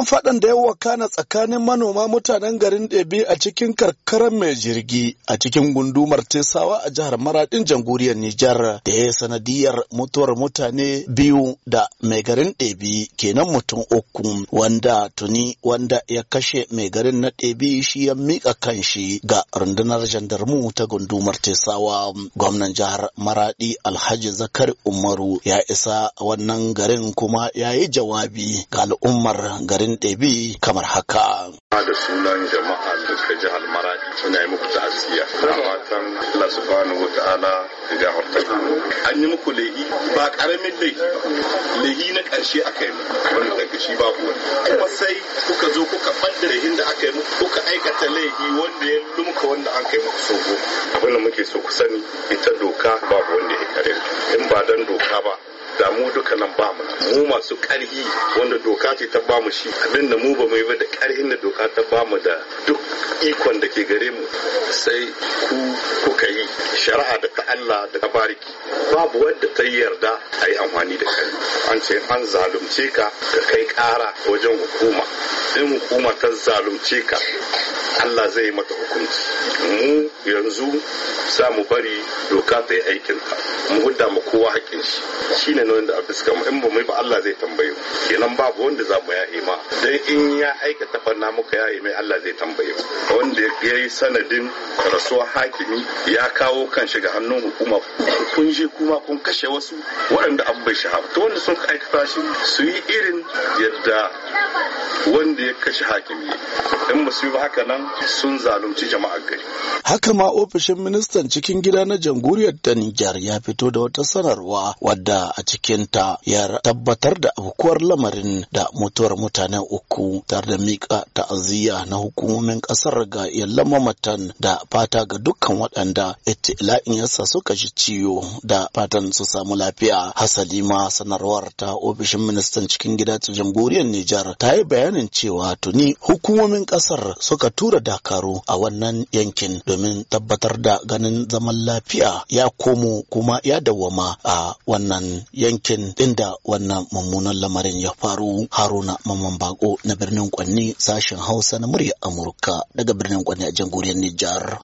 bayan faɗan da ya wakana tsakanin manoma mutanen garin ɗebe a cikin karkarar mai jirgi a cikin gundumar tesawa a jihar Maraɗin jamhuriyar nijar da ya sanadiyar mutuwar mutane biyu da mai garin ɗebe kenan mutum uku wanda tuni wanda ya kashe mai garin na ɗebe shi ya miƙa kanshi ga rundunar jandarmu ta gundumar tesawa gwamnan jihar Maraɗi alhaji zakari umaru ya isa wannan garin kuma ya yi jawabi ga al'ummar garin sun ɗabi kamar haka. da sunan jama'a suka ji maradi suna yi muku ta'aziyya a fatan Allah subhanahu wa ta'ala an yi muku lehi ba karamin lehi lehi na karshe aka yi muku daga shi ba kuma sai kuka zo kuka lehin da aka yi muku kuka aikata lehi wanda ya lumka wanda an kai muku muke so ku sani ita doka babu wanda ya kare in ba dan doka ba damu duka nan ba mu mu masu ƙarhi wanda doka ce ta ba mu shi abin da mu ba mu yi ba da ƙarhin da doka ta ba mu da duk ikon da ke gare mu sai ku kuka yi shari'a da ta Allah da tabariki babu wanda ta yarda a yi amfani da kai an ce an zalunce ka ka kai ƙara wajen hukuma in hukuma ta zalunce ka Allah zai yi mata hukunci mu yanzu za mu bari doka ta yi aikin ta mu hudda mu kowa hakkin shi shine nauyin da a fuskar mu in ba mai ba Allah zai tambaye mu kenan babu wanda za mu yaye ma dan in ya aikata fanna muka yaye mai Allah zai tambaye mu wanda ya yi sanadin rasuwar hakimi ya kawo kan shi ga hannun hukuma kun je kuma kun kashe wasu waɗanda an bai shahab to wanda sun aikata shi su yi irin yadda wanda ya kashe hakimi in ba su yi ba haka nan sun zalunci jama'ar gari. Haka ma ofishin ministan cikin gida na jamhuriyar ta Nijar ya fito da wata sanarwa wadda a cikin ta ya tabbatar da abubuwar lamarin da mutuwar mutane uku tare da miƙa ta'aziyya na hukumomin ƙasar ga yallan mamatan da fata ga dukkan waɗanda itila'in yasa suka shi ciwo da fatan su samu lafiya. Hasali ma sanarwar ta ofishin ministan cikin gida ta jamhuriyar Nijar ta yi bayanin cewa tuni hukumomin ƙasar suka tura da dakaru a wannan yankin domin tabbatar da ganin zaman lafiya ya komo kuma ya dawwama a wannan yankin inda wannan mummunan lamarin ya faru haruna mamman bako na birnin kwanni sashen hausa na murya amurka daga birnin kwanni a jamhuriyar nijar